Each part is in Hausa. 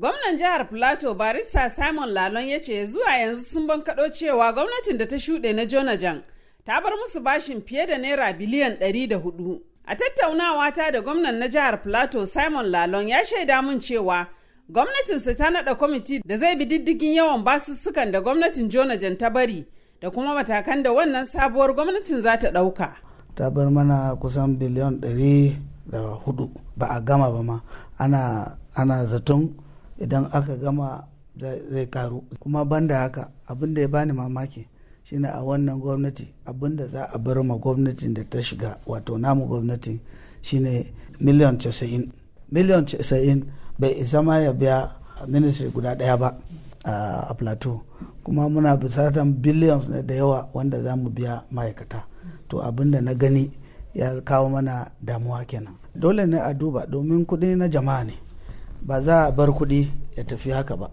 Gwamnan jihar Plateau barista Simon Lalon ya ce zuwa yanzu sun bankaɗo cewa gwamnatin da ta shuɗe na Jonajan ta bar musu bashin fiye da naira biliyan ɗari da hudu. A tattaunawa ta da gwamnan na jihar Plateau Simon Lalon ya shaida mun cewa gwamnatinsa ta naɗa kwamiti da zai bi diddigin yawan basussukan da gwamnatin Jonajan ta bari da kuma matakan da wannan sabuwar gwamnatin za ta ɗauka. Ta bar mana kusan biliyan ɗari da hudu ba a gama ba ma ana zaton idan aka gama zai karu kuma banda haka abin da ya bani mamaki shine a wannan gwamnati abin da za a bar ma gwamnatin da ta shiga wato namu gwamnatin shine miliyan 90 miliyan 90 bai isa ma ya biya ministry guda daya ba a plateau kuma muna bisatan billions ne da yawa wanda za mu biya ma'aikata to abin da na gani ya kawo mana damuwa kenan dole ne a duba domin kuɗi na jama'a ne ba za a bar kuɗi ya tafi haka ba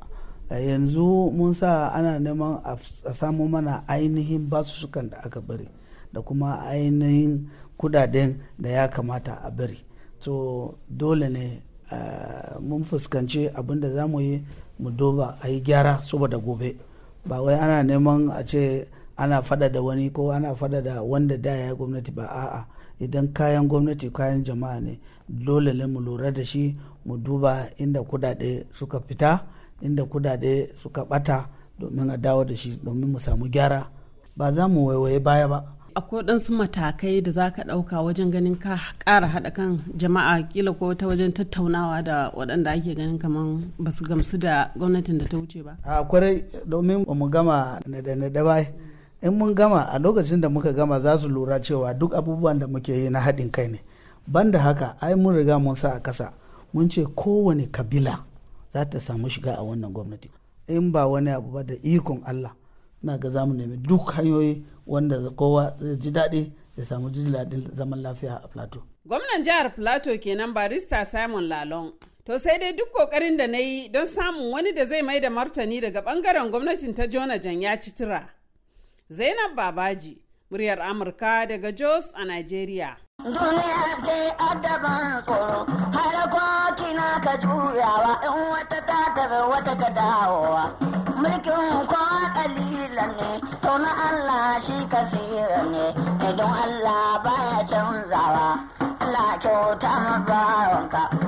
yanzu mun sa ana neman a samu mana ainihin basussukan da aka bari da kuma ainihin kudaden da ya kamata a bari so dole ne mun fuskanci abin da za mu yi mu duba a yi gyara saboda gobe ba wai ana neman a ce ana fada da wani ko ana fada da wanda da ya gwamnati ba a'a idan kayan gwamnati kayan jama'a ne dole ne mu lura da shi mu duba inda kudade suka fita inda kudade suka bata domin a dawo da shi domin mu samu gyara ba za mu waiwaye baya ba akwai waɗansu matakai da za ka ɗauka wajen ganin ka ƙara haɗa kan jama'a kila ko ta wajen tattaunawa da waɗanda ake ganin kamar ba su gamsu da gwamnatin da ta wuce ba. a kwarai domin mu gama naɗe-naɗe ba in mun gama a lokacin da muka gama za su lura cewa duk abubuwan da muke yi na haɗin kai ne banda haka ai mun riga mun sa a kasa mun ce kowane kabila za ta samu shiga a wannan gwamnati in ba wani abu ba da ikon allah na ga zamu nemi duk hanyoyi wanda kowa zai ji daɗi ya samu ji daɗin zaman lafiya a plateau gwamnan jihar plateau kenan barista simon lalong To sai dai duk kokarin da na yi don samun wani da zai mai da martani daga bangaren gwamnatin ta Jona Jan ya ci tura. Zainab Babaji, muryar Amurka daga Jos a Najeriya. Duniya ce addaban tsoro, harakoki na ka juyawa in wata ta tafi wata ta dawowa. Mulkin ko kalilan ne, to na Allah shi kasira ne, idan Allah baya canzawa, Allah kyauta mabawanka.